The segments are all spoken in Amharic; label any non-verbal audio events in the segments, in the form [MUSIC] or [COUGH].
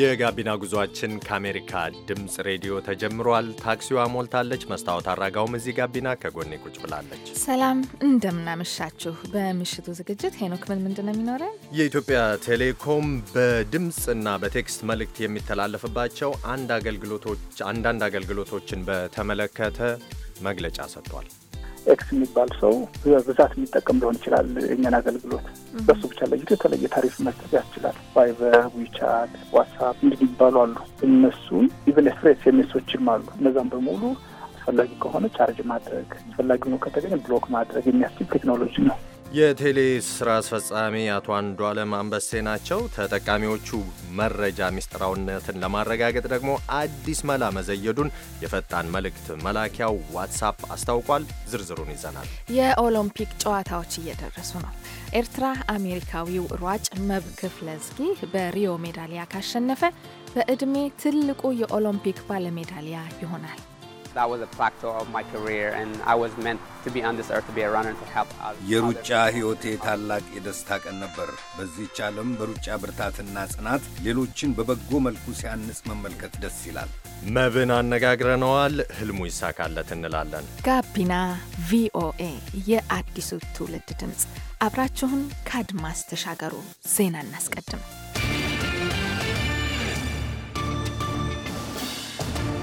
የጋቢና ጉዟችን ከአሜሪካ ድምፅ ሬዲዮ ተጀምሯል። ታክሲዋ ሞልታለች። መስታወት አራጋውም እዚህ ጋቢና ከጎኔ ቁጭ ብላለች። ሰላም እንደምናመሻችሁ። በምሽቱ ዝግጅት ሄኖክ ምን ምንድን ነው የሚኖረን? የኢትዮጵያ ቴሌኮም በድምፅና በቴክስት መልእክት የሚተላለፍባቸው አንዳንድ አገልግሎቶችን በተመለከተ መግለጫ ሰጥቷል። ኤክስ የሚባል ሰው በብዛት የሚጠቀም ሊሆን ይችላል። የኛን አገልግሎት በሱ ብቻ ለይቶ የተለየ ታሪፍ መስጠት ያስችላል። ቫይበር፣ ዊቻት፣ ዋትሳፕ እንግዲህ ይባሉ አሉ። እነሱን ኢቨን ኤስፕሬስ የሚሶችም አሉ። እነዛም በሙሉ አስፈላጊ ከሆነ ቻርጅ ማድረግ አስፈላጊ ሆኖ ከተገኘ ብሎክ ማድረግ የሚያስችል ቴክኖሎጂ ነው። የቴሌ ስራ አስፈጻሚ አቶ አንዱ አለም አንበሴ ናቸው። ተጠቃሚዎቹ መረጃ ሚስጥራዊነትን ለማረጋገጥ ደግሞ አዲስ መላ መዘየዱን የፈጣን መልእክት መላኪያው ዋትሳፕ አስታውቋል። ዝርዝሩን ይዘናል። የኦሎምፒክ ጨዋታዎች እየደረሱ ነው። ኤርትራ አሜሪካዊው ሯጭ መብ ክፍለዝጊ በሪዮ ሜዳሊያ ካሸነፈ በዕድሜ ትልቁ የኦሎምፒክ ባለሜዳሊያ ይሆናል። that was a plateau of my career and I was meant to be on this earth to be a runner to help others. የሩጫ ህይወቴ ታላቅ የደስታ ቀን ነበር። በዚህች ዓለም በሩጫ ብርታትና ጽናት ሌሎችን በበጎ መልኩ ሲያንጽ መመልከት ደስ ይላል። መብን አነጋግረነዋል። ህልሙ ይሳካለት እንላለን። ጋቢና ቪኦኤ የአዲሱ ትውልድ ድምጽ አብራችሁን ከአድማስ ተሻገሩ። ዜና እናስቀድም።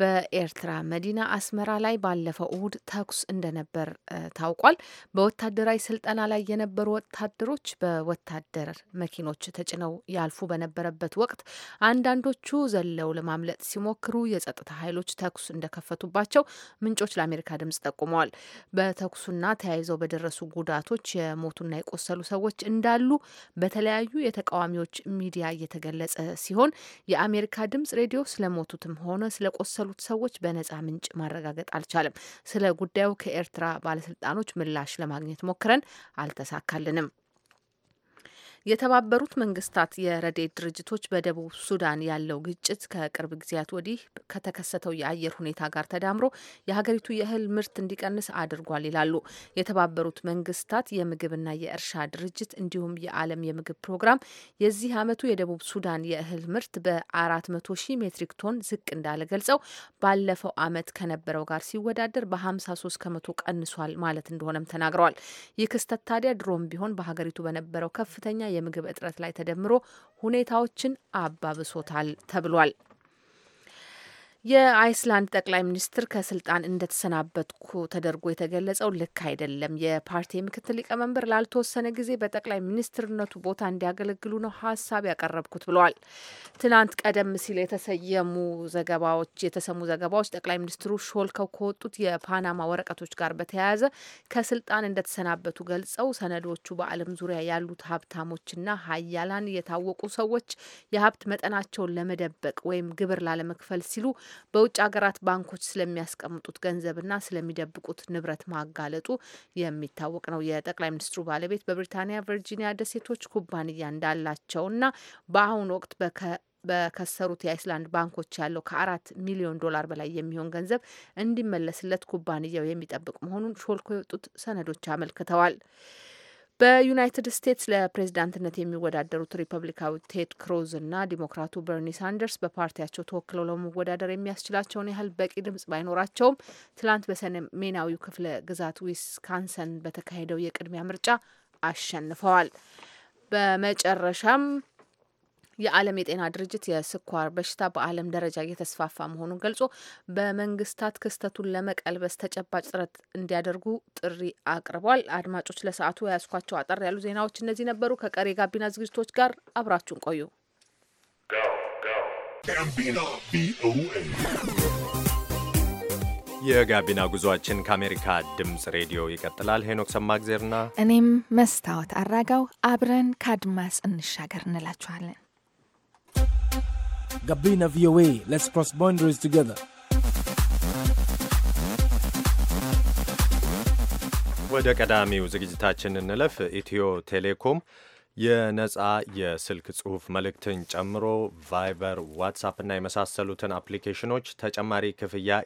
በኤርትራ መዲና አስመራ ላይ ባለፈው እሁድ ተኩስ እንደነበር ታውቋል። በወታደራዊ ስልጠና ላይ የነበሩ ወታደሮች በወታደር መኪኖች ተጭነው ያልፉ በነበረበት ወቅት አንዳንዶቹ ዘለው ለማምለጥ ሲሞክሩ የጸጥታ ኃይሎች ተኩስ እንደከፈቱባቸው ምንጮች ለአሜሪካ ድምጽ ጠቁመዋል። በተኩሱና ተያይዘው በደረሱ ጉዳቶች የሞቱና የቆሰሉ ሰዎች እንዳሉ በተለያዩ የተቃዋሚዎች ሚዲያ እየተገለጸ ሲሆን የአሜሪካ ድምጽ ሬዲዮ ስለሞቱትም ሆነ ስለቆሰሉ ለመሳሰሉት ሰዎች በነጻ ምንጭ ማረጋገጥ አልቻለም። ስለ ጉዳዩ ከኤርትራ ባለስልጣኖች ምላሽ ለማግኘት ሞክረን አልተሳካልንም። የተባበሩት መንግስታት የረድኤት ድርጅቶች በደቡብ ሱዳን ያለው ግጭት ከቅርብ ጊዜያት ወዲህ ከተከሰተው የአየር ሁኔታ ጋር ተዳምሮ የሀገሪቱ የእህል ምርት እንዲቀንስ አድርጓል ይላሉ። የተባበሩት መንግስታት የምግብና የእርሻ ድርጅት እንዲሁም የዓለም የምግብ ፕሮግራም የዚህ ዓመቱ የደቡብ ሱዳን የእህል ምርት በ መቶ ሺህ ሜትሪክ ቶን ዝቅ እንዳለ ገልጸው ባለፈው ዓመት ከነበረው ጋር ሲወዳደር በ53 ከመቶ ቀንሷል ማለት እንደሆነም ተናግረዋል። ይህ ክስተት ታዲያ ድሮም ቢሆን በሀገሪቱ በነበረው ከፍተኛ የምግብ እጥረት ላይ ተደምሮ ሁኔታዎችን አባብሶታል ተብሏል። የአይስላንድ ጠቅላይ ሚኒስትር ከስልጣን እንደተሰናበትኩ ተደርጎ የተገለጸው ልክ አይደለም። የፓርቲ ምክትል ሊቀመንበር ላልተወሰነ ጊዜ በጠቅላይ ሚኒስትርነቱ ቦታ እንዲያገለግሉ ነው ሀሳብ ያቀረብኩት ብለዋል። ትናንት ቀደም ሲል የተሰየሙ ዘገባዎች የተሰሙ ዘገባዎች ጠቅላይ ሚኒስትሩ ሾልከው ከወጡት የፓናማ ወረቀቶች ጋር በተያያዘ ከስልጣን እንደተሰናበቱ ገልጸው ሰነዶቹ በዓለም ዙሪያ ያሉት ሀብታሞችና ሀያላን የታወቁ ሰዎች የሀብት መጠናቸውን ለመደበቅ ወይም ግብር ላለመክፈል ሲሉ በውጭ ሀገራት ባንኮች ስለሚያስቀምጡት ገንዘብና ስለሚደብቁት ንብረት ማጋለጡ የሚታወቅ ነው። የጠቅላይ ሚኒስትሩ ባለቤት በብሪታንያ ቨርጂኒያ ደሴቶች ኩባንያ እንዳላቸውና በአሁኑ ወቅት በከ በከሰሩት የአይስላንድ ባንኮች ያለው ከአራት ሚሊዮን ዶላር በላይ የሚሆን ገንዘብ እንዲመለስለት ኩባንያው የሚጠብቅ መሆኑን ሾልኮ የወጡት ሰነዶች አመልክተዋል። በዩናይትድ ስቴትስ ለፕሬዝዳንትነት የሚወዳደሩት ሪፐብሊካዊ ቴድ ክሩዝ እና ዲሞክራቱ በርኒ ሳንደርስ በፓርቲያቸው ተወክለው ለመወዳደር የሚያስችላቸውን ያህል በቂ ድምጽ ባይኖራቸውም ትላንት በሰሜናዊው ክፍለ ግዛት ዊስካንሰን በተካሄደው የቅድሚያ ምርጫ አሸንፈዋል። በመጨረሻም የዓለም የጤና ድርጅት የስኳር በሽታ በዓለም ደረጃ እየተስፋፋ መሆኑን ገልጾ በመንግስታት ክስተቱን ለመቀልበስ ተጨባጭ ጥረት እንዲያደርጉ ጥሪ አቅርቧል። አድማጮች ለሰዓቱ የያዝኳቸው አጠር ያሉ ዜናዎች እነዚህ ነበሩ። ከቀሪ የጋቢና ዝግጅቶች ጋር አብራችሁን ቆዩ። የጋቢና ጉዞአችን ከአሜሪካ ድምፅ ሬዲዮ ይቀጥላል። ሄኖክ ሰማግዜርና እኔም መስታወት አራጋው አብረን ከአድማስ እንሻገር እንላችኋለን። Gabina VOA. Let's cross boundaries together. ወደ ቀዳሚው ዝግጅታችን እንለፍ። ኢትዮ ቴሌኮም የነጻ የስልክ ጽሁፍ መልእክትን ጨምሮ ቫይበር፣ ዋትሳፕ እና የመሳሰሉትን አፕሊኬሽኖች ተጨማሪ ክፍያ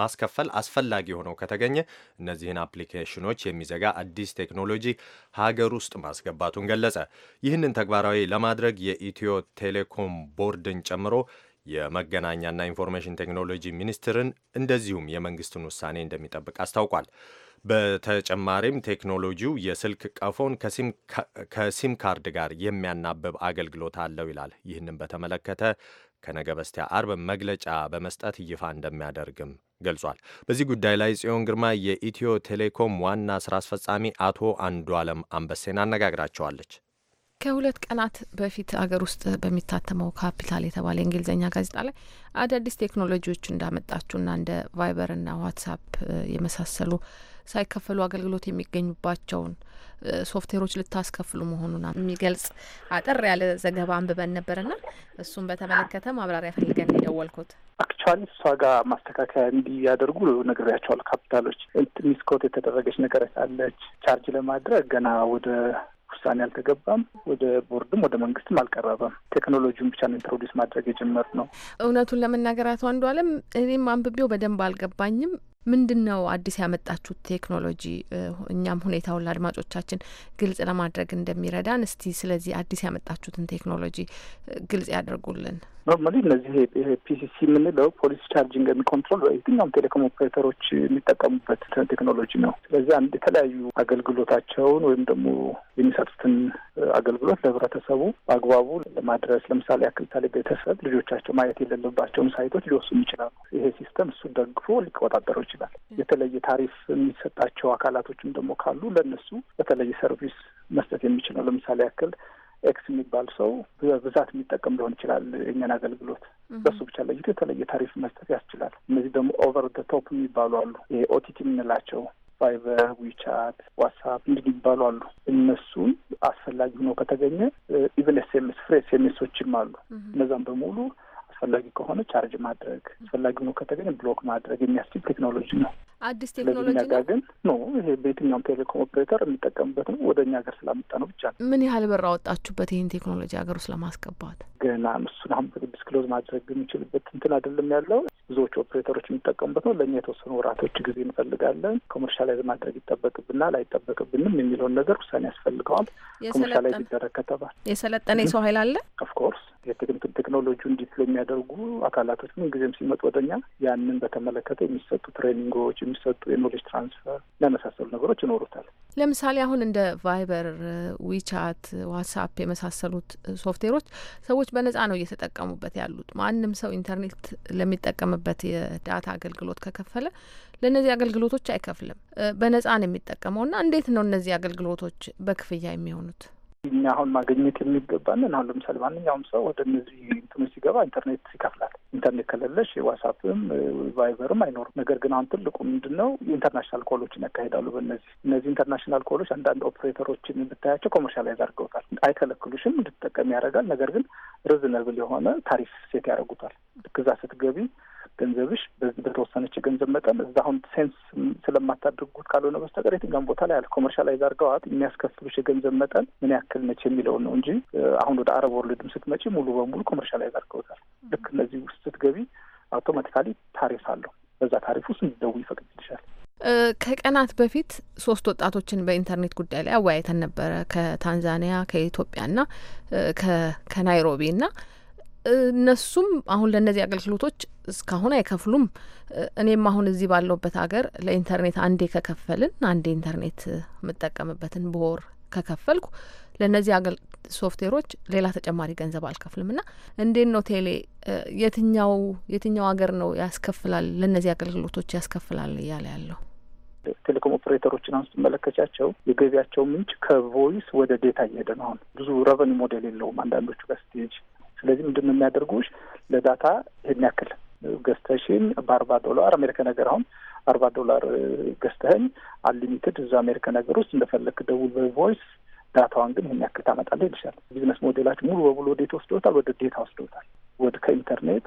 ማስከፈል አስፈላጊ ሆነው ከተገኘ እነዚህን አፕሊኬሽኖች የሚዘጋ አዲስ ቴክኖሎጂ ሀገር ውስጥ ማስገባቱን ገለጸ። ይህንን ተግባራዊ ለማድረግ የኢትዮ ቴሌኮም ቦርድን ጨምሮ የመገናኛና ኢንፎርሜሽን ቴክኖሎጂ ሚኒስትርን እንደዚሁም የመንግስትን ውሳኔ እንደሚጠብቅ አስታውቋል። በተጨማሪም ቴክኖሎጂው የስልክ ቀፎን ከሲም ካርድ ጋር የሚያናብብ አገልግሎት አለው ይላል። ይህንም በተመለከተ ከነገ በስቲያ አርብ መግለጫ በመስጠት ይፋ እንደሚያደርግም ገልጿል። በዚህ ጉዳይ ላይ ጽዮን ግርማ የኢትዮ ቴሌኮም ዋና ስራ አስፈጻሚ አቶ አንዱ አለም አንበሴን አነጋግራቸዋለች። ከሁለት ቀናት በፊት አገር ውስጥ በሚታተመው ካፒታል የተባለ የእንግሊዝኛ ጋዜጣ ላይ አዳዲስ ቴክኖሎጂዎች እንዳመጣችሁና እንደ ቫይበርና ዋትሳፕ የመሳሰሉ ሳይከፈሉ አገልግሎት የሚገኙባቸውን ሶፍትዌሮች ልታስከፍሉ መሆኑን የሚገልጽ አጠር ያለ ዘገባ አንብበን ነበርና እሱን በተመለከተ ማብራሪያ ፈልገን የደወልኩት አክቹዋሊ እሷ ጋር ማስተካከያ እንዲያደርጉ ነግሬያቸዋለሁ። ካፒታሎች ሚስኮት የተደረገች ነገር አለች። ቻርጅ ለማድረግ ገና ወደ ውሳኔ አልተገባም። ወደ ቦርድም ወደ መንግስትም አልቀረበም። ቴክኖሎጂውን ብቻ ነው ኢንትሮዲስ ማድረግ የጀመር ነው። እውነቱን ለመናገር አቶ አንዱ አለም እኔም አንብቤው በደንብ አልገባኝም። ምንድን ነው አዲስ ያመጣችሁት ቴክኖሎጂ? እኛም ሁኔታውን ለአድማጮቻችን ግልጽ ለማድረግ እንደሚረዳን እስቲ ስለዚህ አዲስ ያመጣችሁትን ቴክኖሎጂ ግልጽ ያደርጉልን። ኖርማሊ እነዚህ ፒሲሲ የምንለው ፖሊስ ቻርጅንግ የሚኮንትሮል የትኛውም ቴሌኮም ኦፕሬተሮች የሚጠቀሙበት ቴክኖሎጂ ነው። ስለዚህ አንድ የተለያዩ አገልግሎታቸውን ወይም ደግሞ የሚሰጡትን አገልግሎት ለህብረተሰቡ በአግባቡ ለማድረስ ለምሳሌ አክልታሌ ቤተሰብ ልጆቻቸው ማየት የሌለባቸውን ሳይቶች ሊወስኑ ይችላሉ። ይሄ ሲስተም እሱ ደግፎ ሊቆጣጠረው ይችላል። የተለየ ታሪፍ የሚሰጣቸው አካላቶችም ደግሞ ካሉ ለእነሱ በተለየ ሰርቪስ መስጠት የሚችል ነው። ለምሳሌ ያክል ኤክስ የሚባል ሰው በብዛት የሚጠቀም ሊሆን ይችላል። የኛን አገልግሎት በሱ ብቻ ለይቶ የተለየ ታሪፍ መስጠት ያስችላል። እነዚህ ደግሞ ኦቨር ደ ቶፕ የሚባሉ አሉ። ይሄ ኦቲቲ የምንላቸው ቫይበር፣ ዊቻት፣ ዋትሳፕ እንዲህ የሚባሉ አሉ። እነሱን አስፈላጊ ሆኖ ከተገኘ ኢቨን ኤስ ኤም ኤስ ፍሬ ኤስ ኤም ኤሶችም አሉ። እነዛም በሙሉ አስፈላጊ ከሆነ ቻርጅ ማድረግ አስፈላጊ ሆኖ ከተገኘ ብሎክ ማድረግ የሚያስችል ቴክኖሎጂ ነው። አዲስ ቴክኖሎጂ ነው ግን ኖ ይሄ በየትኛውም ቴሌኮም ኦፕሬተር የሚጠቀምበት ነው። ወደ እኛ ሀገር ስላመጣ ነው ብቻ ነው። ምን ያህል ብር አወጣችሁበት ይህን ቴክኖሎጂ ሀገር ውስጥ ለማስገባት? ገና እሱን አሁን ዲስክሎዝ ማድረግ የሚችልበት እንትን አይደለም ያለው። ብዙዎቹ ኦፕሬተሮች የሚጠቀሙበት ነው። ለእኛ የተወሰኑ ወራቶች ጊዜ እንፈልጋለን። ኮመርሻላይዝ ማድረግ ይጠበቅብናል አይጠበቅብንም የሚለውን ነገር ውሳኔ ያስፈልገዋል። ኮመርሻላይዝ ይደረግ ከተባል የሰለጠነ የሰው ኃይል አለ። ኦፍኮርስ ቴክኖሎጂውን ዲፕሎ የሚያደርጉ አካላቶች ምን ጊዜም ሲመጡ ወደኛ ያንን በተመለከተ የሚሰጡ ትሬኒንጎች የሚሰጡ የኖሌጅ ትራንስፈር ለመሳሰሉ ነገሮች ይኖሩታል። ለምሳሌ አሁን እንደ ቫይበር፣ ዊቻት፣ ዋትሳፕ የመሳሰሉት ሶፍትዌሮች ሰዎች በነጻ ነው እየተጠቀሙበት ያሉት። ማንም ሰው ኢንተርኔት ለሚጠቀምበት የዳታ አገልግሎት ከከፈለ ለእነዚህ አገልግሎቶች አይከፍልም፣ በነጻ ነው የሚጠቀመው እና እንዴት ነው እነዚህ አገልግሎቶች በክፍያ የሚሆኑት? እኛ አሁን ማግኘት የሚገባንን አሁን ለምሳሌ ማንኛውም ሰው ወደ እነዚህ እንትኖች ሲገባ ኢንተርኔት ይከፍላል። ኢንተርኔት ከሌለሽ ዋትሳፕም ቫይበርም አይኖርም። ነገር ግን አሁን ትልቁ ምንድን ነው ኢንተርናሽናል ኮሎችን ያካሄዳሉ በእነዚህ እነዚህ ኢንተርናሽናል ኮሎች አንዳንድ ኦፕሬተሮችን ብታያቸው ኮመርሻላይዝ አድርገውታል። አይከለክሉሽም፣ እንድትጠቀም ያደርጋል። ነገር ግን ሪዝነብል የሆነ ታሪፍ ሴት ያደርጉታል። ልክ እዛ ስትገቢ ገንዘብሽ በዚህ በተወሰነች የገንዘብ መጠን እዛ አሁን ሴንስ ስለማታድርጉት ካልሆነ በስተቀር የትኛውም ቦታ ላይ ኮመርሻላይዝ አድርገዋት የሚያስከፍሉሽ የገንዘብ መጠን ምን ያክል ነች የሚለውን ነው እንጂ አሁን ወደ አረብ ወርልድም ስትመጪ ሙሉ በሙሉ ኮመርሻላይዝ አድርገውታል። ልክ እነዚህ ውስጥ ስትገቢ አውቶማቲካሊ ታሪፍ አለው። በዛ ታሪፍ ውስጥ እንዲደውይ ይፈቅድልሻል። ከቀናት በፊት ሶስት ወጣቶችን በኢንተርኔት ጉዳይ ላይ አወያይተን ነበረ። ከታንዛኒያ፣ ከኢትዮጵያና ከናይሮቢ እና እነሱም አሁን ለእነዚህ አገልግሎቶች እስካሁን አይከፍሉም። እኔም አሁን እዚህ ባለውበት ሀገር ለኢንተርኔት አንዴ ከከፈልን አንዴ ኢንተርኔት የምጠቀምበትን በወር ከከፈልኩ ለእነዚህ አገል ሶፍትዌሮች ሌላ ተጨማሪ ገንዘብ አልከፍልም። ና እንዴት ነው ቴሌ የትኛው የትኛው ሀገር ነው ያስከፍላል ለእነዚህ አገልግሎቶች ያስከፍላል እያለ ያለው? ቴሌኮም ኦፕሬተሮችን አሁን ስትመለከቻቸው የገቢያቸው ምንጭ ከቮይስ ወደ ዴታ እየሄደ ነው። አሁን ብዙ ረቨኒ ሞዴል የለውም አንዳንዶቹ ጋር ስትሄጂ። ስለዚህ ምንድን ነው የሚያደርጉሽ ለዳታ ይህን ያክል ገዝተሽን በአርባ ዶላር አሜሪካ ነገር አሁን አርባ ዶላር ገዝተህኝ አንሊሚትድ እዛ አሜሪካ ነገር ውስጥ እንደፈለግ ደውል በቮይስ ዳታዋን ግን ይህን ያክል ታመጣለህ ይልሻል። ቢዝነስ ሞዴላችን ሙሉ በሙሉ ወዴት ወስዶታል? ወደ ዴታ ወስዶታል። ወደ ከኢንተርኔት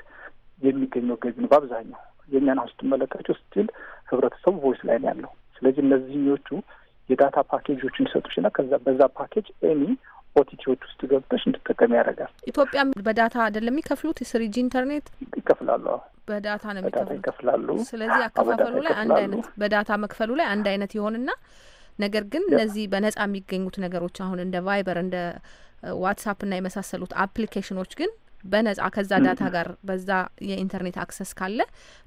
የሚገኘው ገቢ ነው በአብዛኛው። የእኛን አሁን ስትመለከችው ስቲል ህብረተሰቡ ቮይስ ላይ ነው ያለው። ስለዚህ እነዚህኞቹ የዳታ ፓኬጆችን ይሰጡሽና ከዛ በዛ ፓኬጅ ኤኒ ኦቲቲዎች ውስጥ ገብተሽ እንድጠቀም ያደርጋል። ኢትዮጵያ በዳታ አይደለም የሚከፍሉት የስሪጂ ኢንተርኔት ይከፍላሉ። በዳታ ነው የሚከፍሉት ይከፍላሉ። ስለዚህ አከፋፈሉ ላይ አንድ አይነት በዳታ መክፈሉ ላይ አንድ አይነት ይሆንና ነገር ግን እነዚህ በነጻ የሚገኙት ነገሮች አሁን እንደ ቫይበር እንደ ዋትሳፕ እና የመሳሰሉት አፕሊኬሽኖች ግን በነጻ ከዛ ዳታ ጋር በዛ የኢንተርኔት አክሰስ ካለ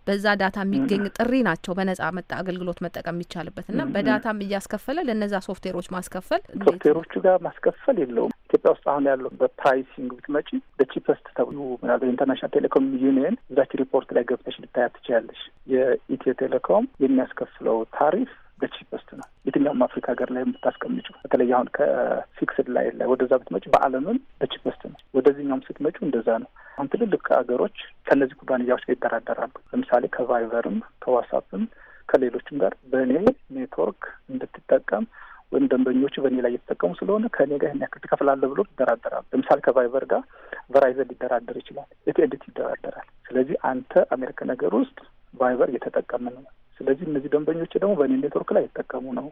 በዛ ዳታ የሚገኝ ጥሪ ናቸው በነጻ መጣ አገልግሎት መጠቀም የሚቻልበት እና በዳታም እያስከፈለ ለነዛ ሶፍትዌሮች ማስከፈል ሶፍትዌሮቹ ጋር ማስከፈል የለውም። ኢትዮጵያ ውስጥ አሁን ያለው በፕራይሲንግ ብትመጪ በቺፐስት ተብሎ ምናልባት ኢንተርናሽናል ቴሌኮም ዩኒየን እዛች ሪፖርት ላይ ገብተሽ ልታያት ትችላለሽ። የኢትዮ ቴሌኮም የሚያስከፍለው ታሪፍ በቺፐስት ነው። የትኛውም አፍሪካ ሀገር ላይ የምታስቀምጩ በተለይ አሁን ከፊክስድ ላይ ላይ ወደዛ ብትመጪ በዓለምም በቺፐስት ነው። ወደዚህኛውም ስትመጩ እንደዛ ነው። አሁን ትልልቅ ሀገሮች ከእነዚህ ኩባንያዎች ጋር ይደራደራሉ። ለምሳሌ ከቫይቨርም ከዋሳፕም ከሌሎችም ጋር በእኔ ኔትወርክ እንድትጠቀም ወይም ደንበኞቹ በእኔ ላይ እየተጠቀሙ ስለሆነ ከእኔ ጋር ይህን ያክል ትከፍላለህ ብሎ ይደራደራሉ። ለምሳሌ ከቫይቨር ጋር ቨራይዘን ሊደራደር ይችላል። ኢትኤድት ይደራደራል። ስለዚህ አንተ አሜሪካ ነገር ውስጥ ቫይቨር እየተጠቀምን ነው ስለዚህ እነዚህ ደንበኞች ደግሞ በእኔ ኔትወርክ ላይ ይጠቀሙ ነው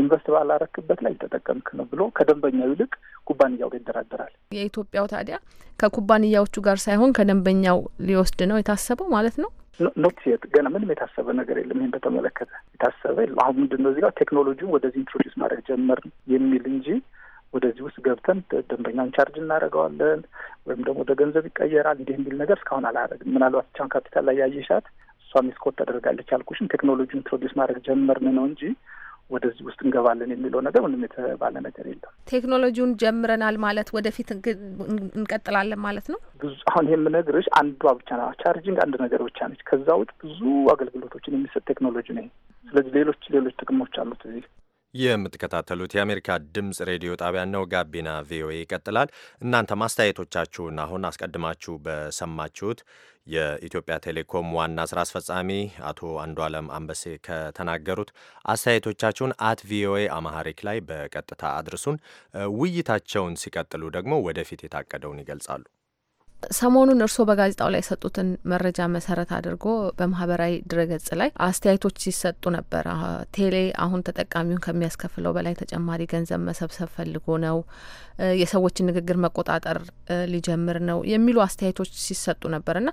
ኢንቨስት ባላረክበት ላይ ተጠቀምክ ነው ብሎ ከደንበኛው ይልቅ ኩባንያው ጋር ይደራደራል። የኢትዮጵያው ታዲያ ከኩባንያዎቹ ጋር ሳይሆን ከደንበኛው ሊወስድ ነው የታሰበው ማለት ነው። ኖት ገና ምንም የታሰበ ነገር የለም። ይህን በተመለከተ የታሰበ የለም። አሁን ምንድን ነው እዚህ ጋር ቴክኖሎጂውን ወደዚህ ኢንትሮዲስ ማድረግ ጀመር የሚል እንጂ ወደዚህ ውስጥ ገብተን ደንበኛውን ቻርጅ እናደርገዋለን ወይም ደግሞ ወደ ገንዘብ ይቀየራል እንዲህ የሚል ነገር እስካሁን አላደረግም። ምናልባት ቻን ካፒታል ላይ ያየሻት እሷ ሚስኮት ተደርጋለች አልኩሽን ቴክኖሎጂ ኢንትሮዲስ ማድረግ ጀመርን ነው እንጂ ወደዚህ ውስጥ እንገባለን የሚለው ነገር ምንም የተባለ ነገር የለም። ቴክኖሎጂውን ጀምረናል ማለት ወደፊት እንቀጥላለን ማለት ነው። ብዙ አሁን የምነግርሽ አንዷ ብቻ ና ቻርጅንግ አንድ ነገር ብቻ ነች። ከዛ ውጭ ብዙ አገልግሎቶችን የሚሰጥ ቴክኖሎጂ ነው። ስለዚህ ሌሎች ሌሎች ጥቅሞች አሉት እዚህ የምትከታተሉት የአሜሪካ ድምፅ ሬዲዮ ጣቢያን ነው። ጋቢና ቪኦኤ ይቀጥላል። እናንተ ማስተያየቶቻችሁን አሁን አስቀድማችሁ በሰማችሁት የኢትዮጵያ ቴሌኮም ዋና ስራ አስፈጻሚ አቶ አለም አንበሴ ከተናገሩት አስተያየቶቻችሁን አት ቪኦኤ አማሐሪክ ላይ በቀጥታ አድርሱን። ውይይታቸውን ሲቀጥሉ ደግሞ ወደፊት የታቀደውን ይገልጻሉ። ሰሞኑን እርስዎ በጋዜጣው ላይ የሰጡትን መረጃ መሰረት አድርጎ በማህበራዊ ድረገጽ ላይ አስተያየቶች ሲሰጡ ነበር። ቴሌ አሁን ተጠቃሚውን ከሚያስከፍለው በላይ ተጨማሪ ገንዘብ መሰብሰብ ፈልጎ ነው፣ የሰዎችን ንግግር መቆጣጠር ሊጀምር ነው የሚሉ አስተያየቶች ሲሰጡ ነበር እና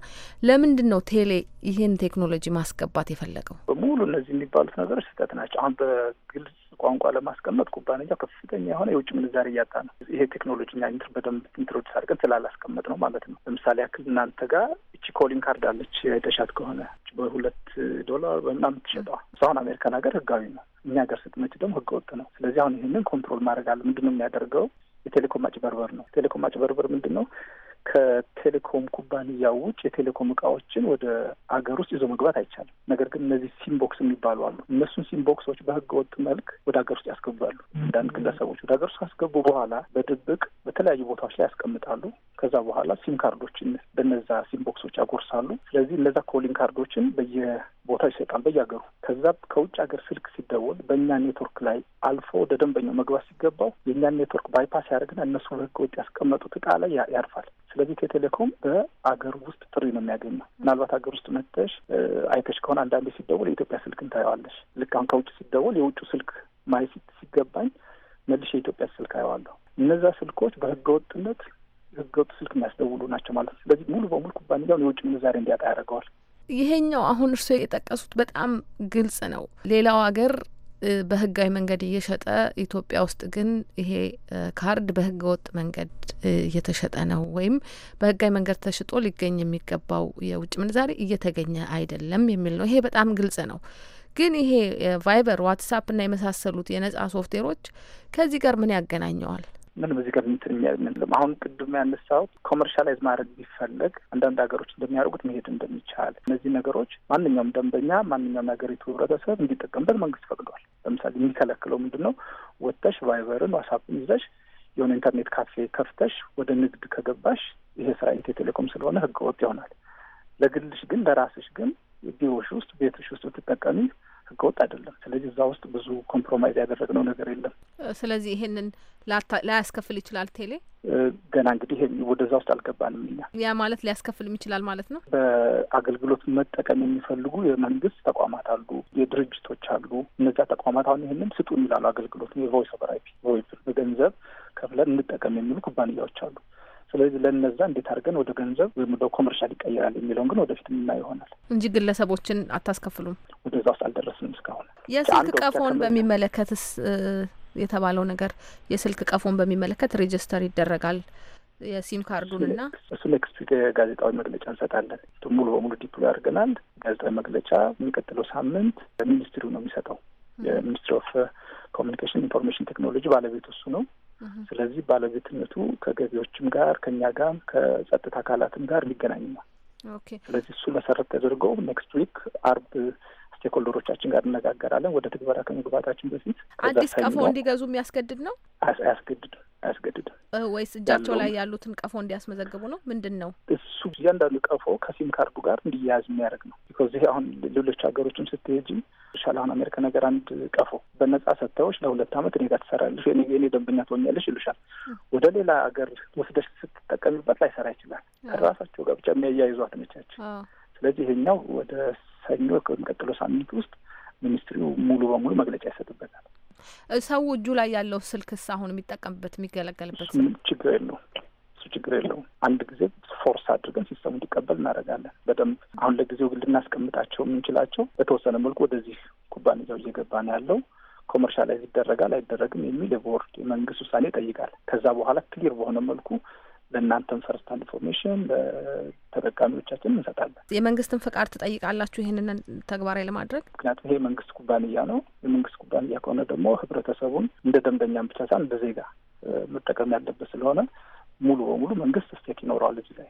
ለምንድን ነው ቴሌ ይህን ቴክኖሎጂ ማስገባት የፈለገው? በሙሉ እነዚህ የሚባሉት ነገሮች ስህተት ናቸው። አሁን በግልጽ ቋንቋ ለማስቀመጥ ኩባንያው ከፍተኛ የሆነ የውጭ ምንዛሪ እያጣ ነው። ይሄ ቴክኖሎጂ ኢንትር በደንብ ኢንትሮች አድርገን ስላላስቀመጥ ነው ማለት ነው። ለምሳሌ ያክል እናንተ ጋር እቺ ኮሊን ካርድ አለች የተሻት ከሆነ በሁለት ዶላር በምናምን ትሸጠዋ አሁን አሜሪካን ሀገር ህጋዊ ነው። እኛ ሀገር ስትመጪ ደግሞ ህገ ወጥ ነው። ስለዚህ አሁን ይህንን ኮንትሮል ማድረግ አለ። ምንድነው የሚያደርገው? የቴሌኮም አጭበርበር ነው። ቴሌኮም አጭበርበር ምንድን ነው? ከቴሌኮም ኩባንያ ውጭ የቴሌኮም እቃዎችን ወደ አገር ውስጥ ይዞ መግባት አይቻልም። ነገር ግን እነዚህ ሲምቦክስ የሚባሉ አሉ። እነሱን ሲምቦክሶች በህገ ወጥ መልክ ወደ ሀገር ውስጥ ያስገባሉ። አንዳንድ ግለሰቦች ወደ ሀገር ውስጥ ካስገቡ በኋላ በድብቅ በተለያዩ ቦታዎች ላይ ያስቀምጣሉ። ከዛ በኋላ ሲም ካርዶችን በነዛ ሲም ቦክሶች ያጎርሳሉ። ስለዚህ እነዛ ኮሊንግ ካርዶችን በየቦታው ይሰጣል በየሀገሩ። ከዛ ከውጭ ሀገር ስልክ ሲደወል በእኛ ኔትወርክ ላይ አልፎ ወደ ደንበኛው መግባት ሲገባው የእኛ ኔትወርክ ባይፓስ ያደርግና እነሱ በህገ ወጥ ያስቀመጡት እቃ ላይ ያርፋል። ስለዚህ ከቴሌኮም በአገር ውስጥ ጥሪ ነው የሚያገኘው። ምናልባት ሀገር ውስጥ መጥተሽ አይተሽ ከሆነ አንዳንዴ ሲደወል የኢትዮጵያ ስልክ እንታየዋለሽ። ልክ አሁን ከውጭ ሲደወል የውጭ ስልክ ማየት ሲገባኝ መልሼ የኢትዮጵያ ስልክ አየዋለሁ። እነዛ ስልኮች በህገ ወጥነት ህገወጥ ስልክ የሚያስደውሉ ናቸው ማለት ነው። ስለዚህ ሙሉ በሙሉ ኩባንያውን የውጭ ምንዛሬ እንዲያጣ ያደርገዋል። ይሄኛው አሁን እርስዎ የጠቀሱት በጣም ግልጽ ነው። ሌላው ሀገር በህጋዊ መንገድ እየሸጠ ኢትዮጵያ ውስጥ ግን ይሄ ካርድ በህገ ወጥ መንገድ እየተሸጠ ነው፣ ወይም በህጋዊ መንገድ ተሽጦ ሊገኝ የሚገባው የውጭ ምንዛሬ እየተገኘ አይደለም የሚል ነው። ይሄ በጣም ግልጽ ነው። ግን ይሄ ቫይበር፣ ዋትሳፕ እና የመሳሰሉት የነጻ ሶፍትዌሮች ከዚህ ጋር ምን ያገናኘዋል? ምንም እዚህ ጋር እንትን የሚያምንም አሁን ቅድም ያነሳሁት ኮመርሻላይዝ ማድረግ ቢፈለግ አንዳንድ ሀገሮች እንደሚያደርጉት መሄድ እንደሚቻል እነዚህ ነገሮች ማንኛውም ደንበኛ ማንኛውም የሀገሪቱ ህብረተሰብ እንዲጠቀምበት መንግስት ፈቅዷል። ለምሳሌ የሚከለክለው ምንድን ነው? ወጥተሽ ቫይበርን ዋሳፕን ይዘሽ የሆነ ኢንተርኔት ካፌ ከፍተሽ ወደ ንግድ ከገባሽ ይሄ ስራ ኢትዮ ቴሌኮም ስለሆነ ህገወጥ ይሆናል። ለግልሽ ግን ለራስሽ ግን ቢሮሽ ውስጥ ቤትሽ ውስጥ ብትጠቀሚ ህገወጥ አይደለም። ስለዚህ እዛ ውስጥ ብዙ ኮምፕሮማይዝ ያደረግነው ነገር የለም። ስለዚህ ይሄንን ላያስከፍል ይችላል ቴሌ ገና እንግዲህ ወደዛ ውስጥ አልገባንም እኛ። ያ ማለት ሊያስከፍልም ይችላል ማለት ነው። በአገልግሎት መጠቀም የሚፈልጉ የመንግስት ተቋማት አሉ፣ የድርጅቶች አሉ። እነዚያ ተቋማት አሁን ይህንን ስጡን ይላሉ። አገልግሎት የቮይስ ኦቨር አይፒ ቮይስ በገንዘብ ከፍለን እንጠቀም የሚሉ ኩባንያዎች አሉ። ስለዚህ ለነዛ እንዴት አድርገን ወደ ገንዘብ ወይም ወደ ኮመርሻል ይቀይራል የሚለውን ግን ወደፊት ምና ይሆናል እንጂ ግለሰቦችን አታስከፍሉም። ወደዛ ውስጥ አልደረስንም እስካሁን። የስልክ ቀፎን በሚመለከትስ የተባለው ነገር የስልክ ቀፎን በሚመለከት ሬጅስተር ይደረጋል። የሲም ካርዱን ኔክስት ዊክ ጋዜጣዊ መግለጫ እንሰጣለን። ሙሉ በሙሉ ዲፕሎይ አድርገናል። ጋዜጣዊ መግለጫ የሚቀጥለው ሳምንት ሚኒስትሪው ነው የሚሰጠው። የሚኒስትሪ ኦፍ ኮሚኒኬሽን ኢንፎርሜሽን ቴክኖሎጂ ባለቤቱ እሱ ነው። ስለዚህ ባለቤትነቱ ከገቢዎችም ጋር ከእኛ ጋር ከጸጥታ አካላትም ጋር ሊገናኝ ነው። ስለዚህ እሱ መሰረት ተደርጎ ኔክስት ዊክ አርብ ስቴክሆልደሮቻችን ጋር እነጋገራለን። ወደ ትግበራ ከመግባታችን በፊት አዲስ ቀፎ እንዲገዙ የሚያስገድድ ነው አያስገድድም አያስገድድ ወይስ እጃቸው ላይ ያሉትን ቀፎ እንዲያስመዘግቡ ነው? ምንድን ነው እሱ? እያንዳንዱ ቀፎ ከሲም ካርዱ ጋር እንዲያያዝ የሚያደርግ ነው። ቢኮዝ ይሄ አሁን ሌሎች ሀገሮችም ስትሄጂ ሻል አሁን አሜሪካ ነገር አንድ ቀፎ በነጻ ሰጥተዎች ለሁለት ዓመት እኔ ጋር ትሰራለሽ የኔ ደንበኛ ትሆኛለሽ ይሉሻል። ወደ ሌላ ሀገር ወስደሽ ስትጠቀሚበት ላይሰራ ይችላል። ከራሳቸው ጋር ብቻ የሚያያይዟት መቻቸው ስለዚህ ይሄኛው ወደ ሰኞ ከሚቀጥለው ሳምንት ውስጥ ሚኒስትሪው ሙሉ በሙሉ መግለጫ ይሰጥበታል። ሰው እጁ ላይ ያለው ስልክስ አሁን የሚጠቀምበት የሚገለገልበት ችግር የለው እሱ ችግር የለውም። አንድ ጊዜ ፎርስ አድርገን ሲስተሙ እንዲቀበል እናደርጋለን። በደንብ አሁን ለጊዜው ልናስቀምጣቸው የምንችላቸው በተወሰነ መልኩ ወደዚህ ኩባንያው እየገባ ነው ያለው ኮመርሻላይዝ ይደረጋል አይደረግም የሚል የቦርድ የመንግስት ውሳኔ ይጠይቃል። ከዛ በኋላ ክሊር በሆነ መልኩ ለእናንተም ፈርስት ሃንድ ኢንፎርሜሽን ለተጠቃሚዎቻችን እንሰጣለን። የመንግስትን ፍቃድ ትጠይቃላችሁ ይህንን ተግባራዊ ለማድረግ? ምክንያቱም ይሄ መንግስት ኩባንያ ነው። የመንግስት ኩባንያ ከሆነ ደግሞ ህብረተሰቡን እንደ ደንበኛም ብቻ ሳይሆን እንደ ዜጋ መጠቀም ያለበት ስለሆነ ሙሉ በሙሉ መንግስት ስቴክ ይኖረዋል እዚህ ላይ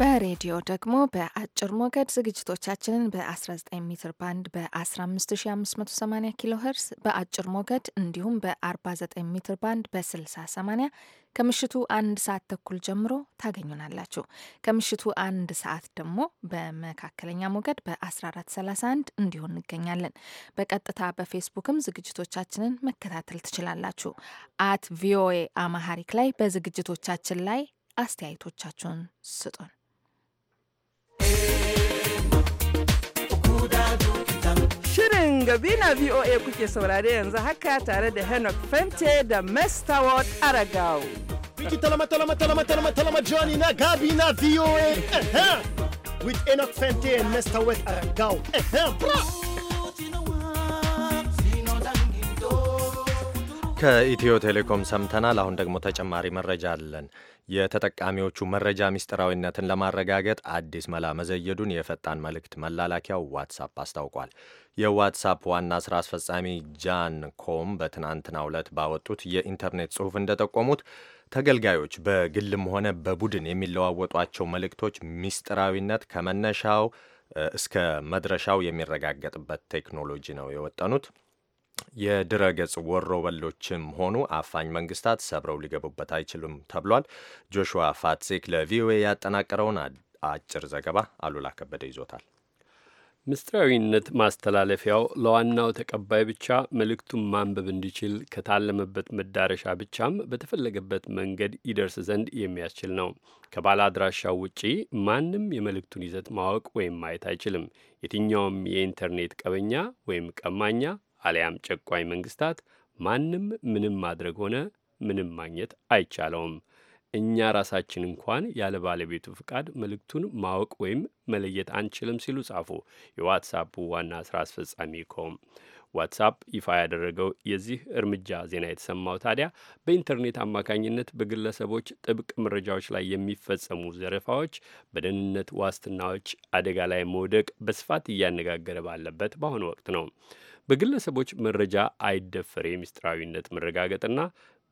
በሬዲዮ ደግሞ በአጭር ሞገድ ዝግጅቶቻችንን በ19 ሜትር ባንድ በ15580 ኪሎ ሄርስ በአጭር ሞገድ እንዲሁም በ49 ሜትር ባንድ በ6080 ከምሽቱ አንድ ሰዓት ተኩል ጀምሮ ታገኙናላችሁ። ከምሽቱ አንድ ሰዓት ደግሞ በመካከለኛ ሞገድ በ1431 እንዲሁ እንገኛለን። በቀጥታ በፌስቡክም ዝግጅቶቻችንን መከታተል ትችላላችሁ። አት ቪኦኤ አማሃሪክ ላይ በዝግጅቶቻችን ላይ አስተያየቶቻችሁን ስጡን። Shirin VOA kuke saurare yanzu haka tare da Enoch Fente da Mestaward Aragao. Wiki talama talama talama talama talama Johnny na Gabi na VOA. Eh, eh. With Enoch Fente and Mestaward Aragao. Eh, ከኢትዮ ቴሌኮም ሰምተናል። አሁን ደግሞ ተጨማሪ መረጃ አለን። የተጠቃሚዎቹ መረጃ ምስጢራዊነትን ለማረጋገጥ አዲስ መላ መዘየዱን የፈጣን መልእክት መላላኪያው ዋትሳፕ አስታውቋል። የዋትሳፕ ዋና ስራ አስፈጻሚ ጃን ኮም በትናንትናው ዕለት ባወጡት የኢንተርኔት ጽሑፍ እንደጠቆሙት ተገልጋዮች በግልም ሆነ በቡድን የሚለዋወጧቸው መልእክቶች ምስጢራዊነት ከመነሻው እስከ መድረሻው የሚረጋገጥበት ቴክኖሎጂ ነው የወጠኑት። የድረገጽ ወሮበሎችም ሆኑ አፋኝ መንግስታት ሰብረው ሊገቡበት አይችሉም ተብሏል። ጆሹዋ ፋትሴክ ለቪኦኤ ያጠናቀረውን አጭር ዘገባ አሉላ ከበደ ይዞታል። ምስጢራዊነት ማስተላለፊያው ለዋናው ተቀባይ ብቻ መልእክቱን ማንበብ እንዲችል ከታለመበት መዳረሻ ብቻም በተፈለገበት መንገድ ይደርስ ዘንድ የሚያስችል ነው። ከባለ አድራሻው ውጪ ማንም የመልእክቱን ይዘት ማወቅ ወይም ማየት አይችልም። የትኛውም የኢንተርኔት ቀበኛ ወይም ቀማኛ አሊያም ጨቋኝ መንግስታት ማንም ምንም ማድረግ ሆነ ምንም ማግኘት አይቻለውም። እኛ ራሳችን እንኳን ያለ ባለቤቱ ፍቃድ መልእክቱን ማወቅ ወይም መለየት አንችልም ሲሉ ጻፉ። የዋትሳፑ ዋና ስራ አስፈጻሚ ኮም ዋትሳፕ ይፋ ያደረገው የዚህ እርምጃ ዜና የተሰማው ታዲያ በኢንተርኔት አማካኝነት በግለሰቦች ጥብቅ መረጃዎች ላይ የሚፈጸሙ ዘረፋዎች፣ በደህንነት ዋስትናዎች አደጋ ላይ መውደቅ በስፋት እያነጋገረ ባለበት በአሁኑ ወቅት ነው። በግለሰቦች መረጃ አይደፈር የሚስጥራዊነት መረጋገጥና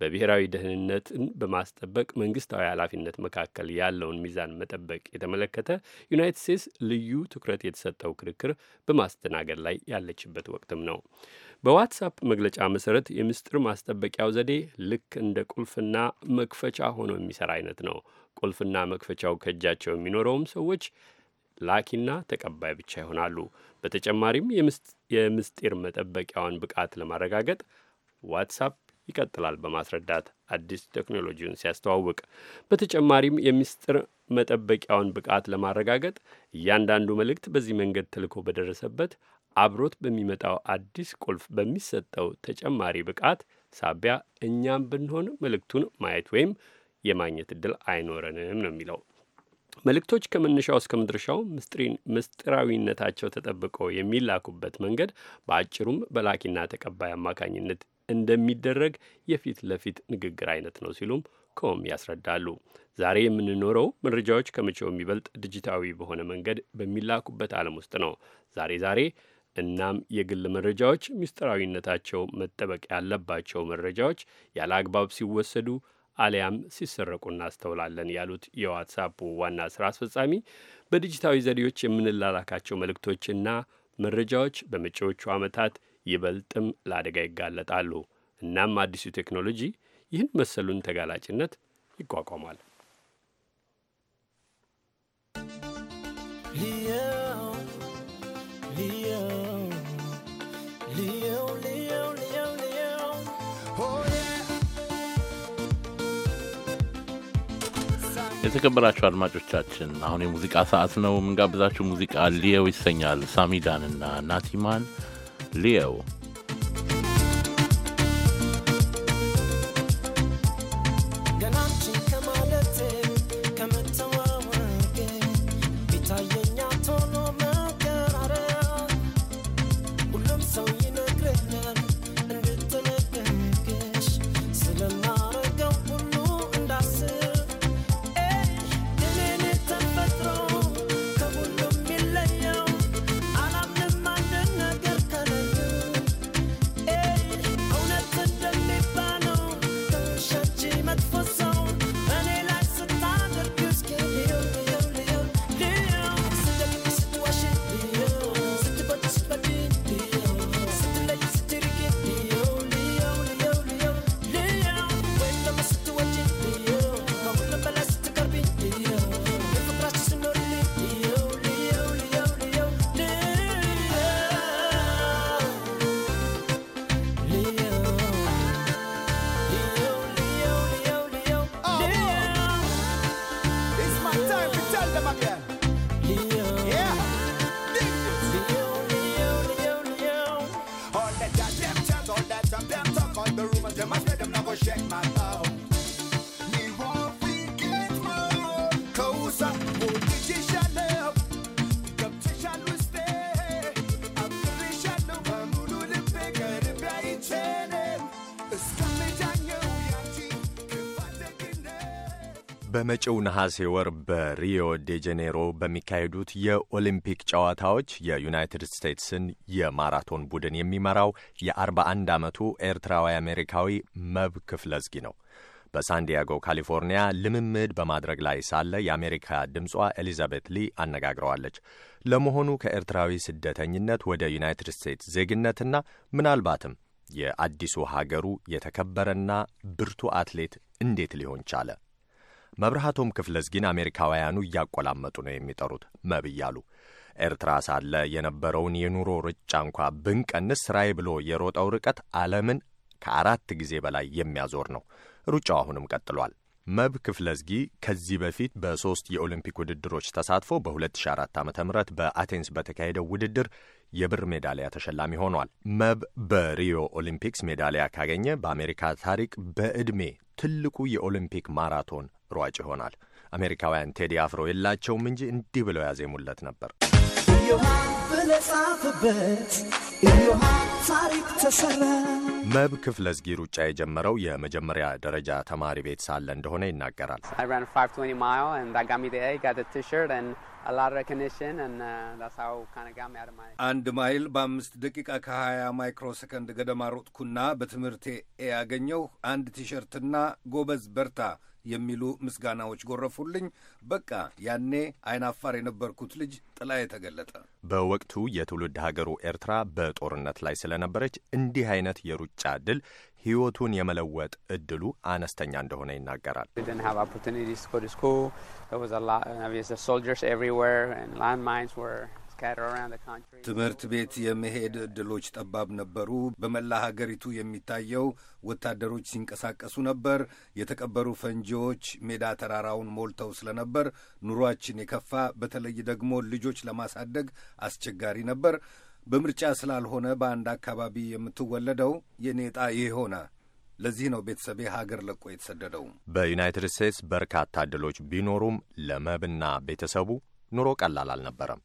በብሔራዊ ደህንነትን በማስጠበቅ መንግስታዊ ኃላፊነት መካከል ያለውን ሚዛን መጠበቅ የተመለከተ ዩናይትድ ስቴትስ ልዩ ትኩረት የተሰጠው ክርክር በማስተናገድ ላይ ያለችበት ወቅትም ነው። በዋትሳፕ መግለጫ መሰረት የምስጢር ማስጠበቂያው ዘዴ ልክ እንደ ቁልፍና መክፈቻ ሆኖ የሚሰራ አይነት ነው። ቁልፍና መክፈቻው ከእጃቸው የሚኖረውም ሰዎች ላኪና ተቀባይ ብቻ ይሆናሉ። በተጨማሪም የምስጢር መጠበቂያውን ብቃት ለማረጋገጥ ዋትሳፕ ይቀጥላል በማስረዳት አዲስ ቴክኖሎጂውን ሲያስተዋውቅ በተጨማሪም የምስጢር መጠበቂያውን ብቃት ለማረጋገጥ እያንዳንዱ መልእክት በዚህ መንገድ ተልኮ በደረሰበት አብሮት በሚመጣው አዲስ ቁልፍ በሚሰጠው ተጨማሪ ብቃት ሳቢያ እኛም ብንሆን መልእክቱን ማየት ወይም የማግኘት ዕድል አይኖረንም ነው የሚለው። መልእክቶች ከመነሻው እስከ መድረሻው ምስጢራዊነታቸው ተጠብቀው የሚላኩበት መንገድ በአጭሩም በላኪና ተቀባይ አማካኝነት እንደሚደረግ የፊት ለፊት ንግግር አይነት ነው ሲሉም ከም ያስረዳሉ። ዛሬ የምንኖረው መረጃዎች ከመቼው የሚበልጥ ዲጂታዊ በሆነ መንገድ በሚላኩበት ዓለም ውስጥ ነው። ዛሬ ዛሬ እናም የግል መረጃዎች ምስጢራዊነታቸው መጠበቅ ያለባቸው መረጃዎች ያለ አግባብ ሲወሰዱ አሊያም ሲሰረቁ እናስተውላለን ያሉት የዋትሳፑ ዋና ስራ አስፈጻሚ በዲጂታዊ ዘዴዎች የምንላላካቸው መልእክቶችና መረጃዎች በመጪዎቹ ዓመታት ይበልጥም ለአደጋ ይጋለጣሉ። እናም አዲሱ ቴክኖሎጂ ይህን መሰሉን ተጋላጭነት ይቋቋማል። Leo, Leo. የተከበራችሁ አድማጮቻችን አሁን የሙዚቃ ሰዓት ነው። የምንጋብዛችሁ ሙዚቃ ሊየው ይሰኛል። ሳሚዳን እና ናቲማን ሊየው በመጪው ነሐሴ ወር በሪዮ ዴ ጄኔሮ በሚካሄዱት የኦሊምፒክ ጨዋታዎች የዩናይትድ ስቴትስን የማራቶን ቡድን የሚመራው የ41 ዓመቱ ኤርትራዊ አሜሪካዊ መብ ክፍለዝጊ ነው። በሳንዲያጎ ካሊፎርኒያ ልምምድ በማድረግ ላይ ሳለ የአሜሪካ ድምጿ ኤሊዛቤት ሊ አነጋግረዋለች። ለመሆኑ ከኤርትራዊ ስደተኝነት ወደ ዩናይትድ ስቴትስ ዜግነትና ምናልባትም የአዲሱ ሀገሩ የተከበረና ብርቱ አትሌት እንዴት ሊሆን ቻለ? መብርሃቶም ክፍለ ዝጊን አሜሪካውያኑ እያቆላመጡ ነው የሚጠሩት መብ እያሉ ኤርትራ ሳለ የነበረውን የኑሮ ርጫ እንኳ ብንቀንስ ስራዬ ብሎ የሮጠው ርቀት ዓለምን ከአራት ጊዜ በላይ የሚያዞር ነው። ሩጫው አሁንም ቀጥሏል። መብ ክፍለዝጊ ከዚህ በፊት በሶስት የኦሊምፒክ ውድድሮች ተሳትፎ በ2004 ዓ ም በአቴንስ በተካሄደው ውድድር የብር ሜዳሊያ ተሸላሚ ሆኗል። መብ በሪዮ ኦሊምፒክስ ሜዳሊያ ካገኘ በአሜሪካ ታሪክ በዕድሜ ትልቁ የኦሊምፒክ ማራቶን ሯጭ ይሆናል። አሜሪካውያን ቴዲ አፍሮ የላቸውም እንጂ እንዲህ ብለው ያዜሙለት ነበር። ስለጻፍበት መብ ክፍለ ዝጊ ሩጫ የጀመረው የመጀመሪያ ደረጃ ተማሪ ቤት ሳለ እንደሆነ ይናገራል። uh, አንድ ማይል በአምስት ደቂቃ ከ20 ማይክሮ ሰከንድ ገደማ ሮጥኩና በትምህርቴ ያገኘው አንድ ቲሸርትና ጎበዝ በርታ የሚሉ ምስጋናዎች ጎረፉልኝ። በቃ ያኔ አይናፋር የነበርኩት ልጅ ጥላዬ ተገለጠ። በወቅቱ የትውልድ ሀገሩ ኤርትራ በጦርነት ላይ ስለነበረች እንዲህ አይነት የሩጫ ድል ህይወቱን የመለወጥ እድሉ አነስተኛ እንደሆነ ይናገራል። ትምህርት ቤት የመሄድ እድሎች ጠባብ ነበሩ። በመላ ሀገሪቱ የሚታየው ወታደሮች ሲንቀሳቀሱ ነበር። የተቀበሩ ፈንጂዎች ሜዳ ተራራውን ሞልተው ስለነበር ኑሯችን የከፋ በተለይ ደግሞ ልጆች ለማሳደግ አስቸጋሪ ነበር። በምርጫ ስላልሆነ በአንድ አካባቢ የምትወለደው የኔጣ ይህ ሆነ። ለዚህ ነው ቤተሰቤ ሀገር ለቆ የተሰደደው። በዩናይትድ ስቴትስ በርካታ እድሎች ቢኖሩም ለመብና ቤተሰቡ ኑሮ ቀላል አልነበረም።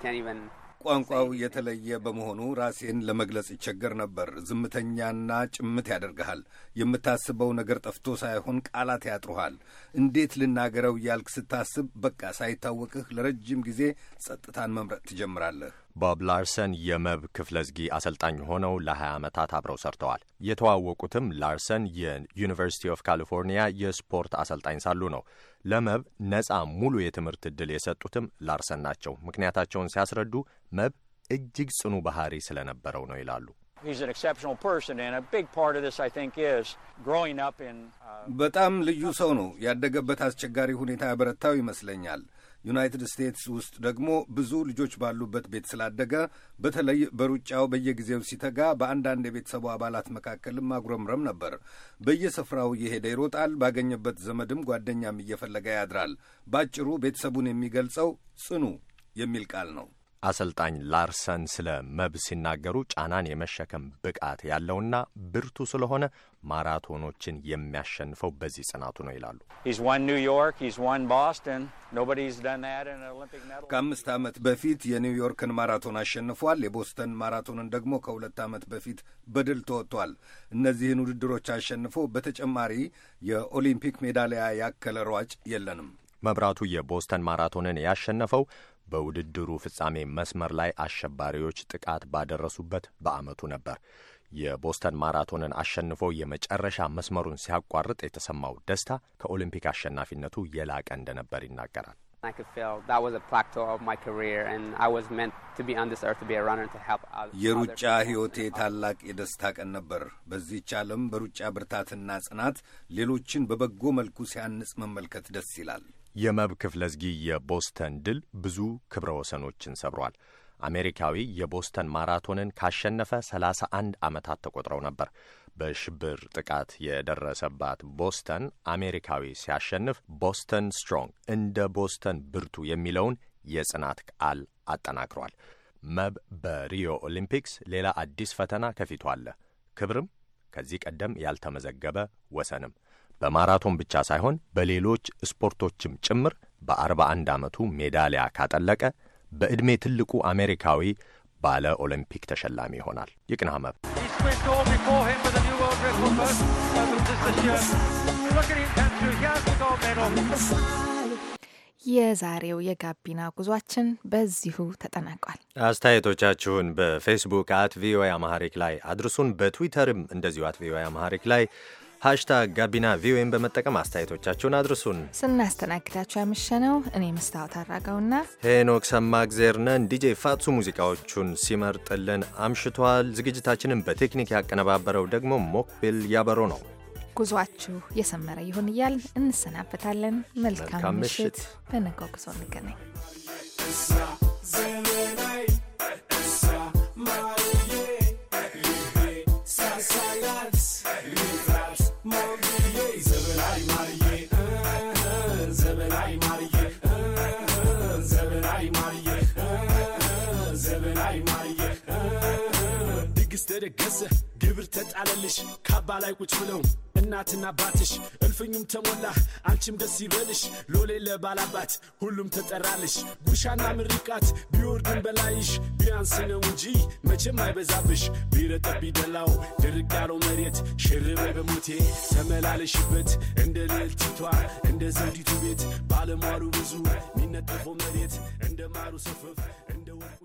[LAUGHS] ቋንቋው የተለየ በመሆኑ ራሴን ለመግለጽ ይቸገር ነበር። ዝምተኛና ጭምት ያደርግሃል። የምታስበው ነገር ጠፍቶ ሳይሆን ቃላት ያጥሩሃል። እንዴት ልናገረው እያልክ ስታስብ በቃ ሳይታወቅህ ለረጅም ጊዜ ጸጥታን መምረጥ ትጀምራለህ። ቦብ ላርሰን የመብ ክፍለ ዝጊ አሰልጣኝ ሆነው ለ20 ዓመታት አብረው ሰርተዋል። የተዋወቁትም ላርሰን የዩኒቨርሲቲ ኦፍ ካሊፎርኒያ የስፖርት አሰልጣኝ ሳሉ ነው። ለመብ ነጻ ሙሉ የትምህርት ዕድል የሰጡትም ላርሰን ናቸው። ምክንያታቸውን ሲያስረዱ መብ እጅግ ጽኑ ባህሪ ስለነበረው ነው ይላሉ። Uh, በጣም ልዩ ሰው ነው። ያደገበት አስቸጋሪ ሁኔታ ያበረታው ይመስለኛል። ዩናይትድ ስቴትስ ውስጥ ደግሞ ብዙ ልጆች ባሉበት ቤት ስላደገ በተለይ በሩጫው በየጊዜው ሲተጋ በአንዳንድ የቤተሰቡ አባላት መካከልም ማጉረምረም ነበር። በየስፍራው እየሄደ ይሮጣል። ባገኘበት ዘመድም ጓደኛም እየፈለገ ያድራል። ባጭሩ ቤተሰቡን የሚገልጸው ጽኑ የሚል ቃል ነው። አሰልጣኝ ላርሰን ስለ መብ ሲናገሩ ጫናን የመሸከም ብቃት ያለውና ብርቱ ስለሆነ ማራቶኖችን የሚያሸንፈው በዚህ ጽናቱ ነው ይላሉ። ከአምስት ዓመት በፊት የኒውዮርክን ማራቶን አሸንፏል። የቦስተን ማራቶንን ደግሞ ከሁለት ዓመት በፊት በድል ተወጥቷል። እነዚህን ውድድሮች አሸንፎ በተጨማሪ የኦሊምፒክ ሜዳሊያ ያከለ ሯጭ የለንም። መብራቱ የቦስተን ማራቶንን ያሸነፈው በውድድሩ ፍጻሜ መስመር ላይ አሸባሪዎች ጥቃት ባደረሱበት በዓመቱ ነበር። የቦስተን ማራቶንን አሸንፎ የመጨረሻ መስመሩን ሲያቋርጥ የተሰማው ደስታ ከኦሊምፒክ አሸናፊነቱ የላቀ እንደነበር ይናገራል። የሩጫ ሕይወቴ ታላቅ የደስታ ቀን ነበር። በዚህች ዓለም በሩጫ ብርታትና ጽናት ሌሎችን በበጎ መልኩ ሲያንጽ መመልከት ደስ ይላል። የመብ ክፍለዝጊ የቦስተን ድል ብዙ ክብረ ወሰኖችን ሰብሯል። አሜሪካዊ የቦስተን ማራቶንን ካሸነፈ 31 ዓመታት ተቆጥረው ነበር። በሽብር ጥቃት የደረሰባት ቦስተን አሜሪካዊ ሲያሸንፍ ቦስተን ስትሮንግ እንደ ቦስተን ብርቱ የሚለውን የጽናት ቃል አጠናክሯል። መብ በሪዮ ኦሊምፒክስ ሌላ አዲስ ፈተና ከፊቱ አለ። ክብርም ከዚህ ቀደም ያልተመዘገበ ወሰንም በማራቶን ብቻ ሳይሆን በሌሎች ስፖርቶችም ጭምር በ41 ዓመቱ ሜዳሊያ ካጠለቀ በዕድሜ ትልቁ አሜሪካዊ ባለ ኦሎምፒክ ተሸላሚ ይሆናል። ይቅና መብት። የዛሬው የጋቢና ጉዟችን በዚሁ ተጠናቋል። አስተያየቶቻችሁን በፌስቡክ አት ቪኦኤ አማሐሪክ ላይ አድርሱን። በትዊተርም እንደዚሁ አት ቪኦኤ አማሐሪክ ላይ ሃሽታግ ጋቢና ቪኦኤን በመጠቀም አስተያየቶቻችሁን አድርሱን። ስናስተናግዳችሁ ያመሸነው እኔ መስታወት አራጋውና ሄኖክ ሰማግዜርነን። ዲጄ ፋቱ ሙዚቃዎቹን ሲመርጥልን አምሽቷል። ዝግጅታችንን በቴክኒክ ያቀነባበረው ደግሞ ሞክቢል ያበሮ ነው። ጉዟችሁ የሰመረ ይሁን እያል እንሰናበታለን። መልካም ምሽት። በነገው ጉዞ እንገናኝ። ታዘዘ ግብር ተጣለልሽ ካባ ላይ ቁጭ ብለው እናትና አባትሽ እልፍኙም ተሞላ አንቺም ደስ ይበልሽ ሎሌ ለባላባት ሁሉም ተጠራልሽ ጉሻና ምርቃት ቢወርድን በላይሽ ቢያንስ ነው እንጂ መቼም አይበዛብሽ ቢረጠ ቢደላው ድርቅ ያለው መሬት ሽርበይ በሞቴ ተመላለሽበት እንደ ልዕልቲቷ እንደ ዘውዲቱ ቤት ባለሟሉ ብዙ ሚነጠፈው መሬት እንደ ማሩ ሰፈፍ እንደ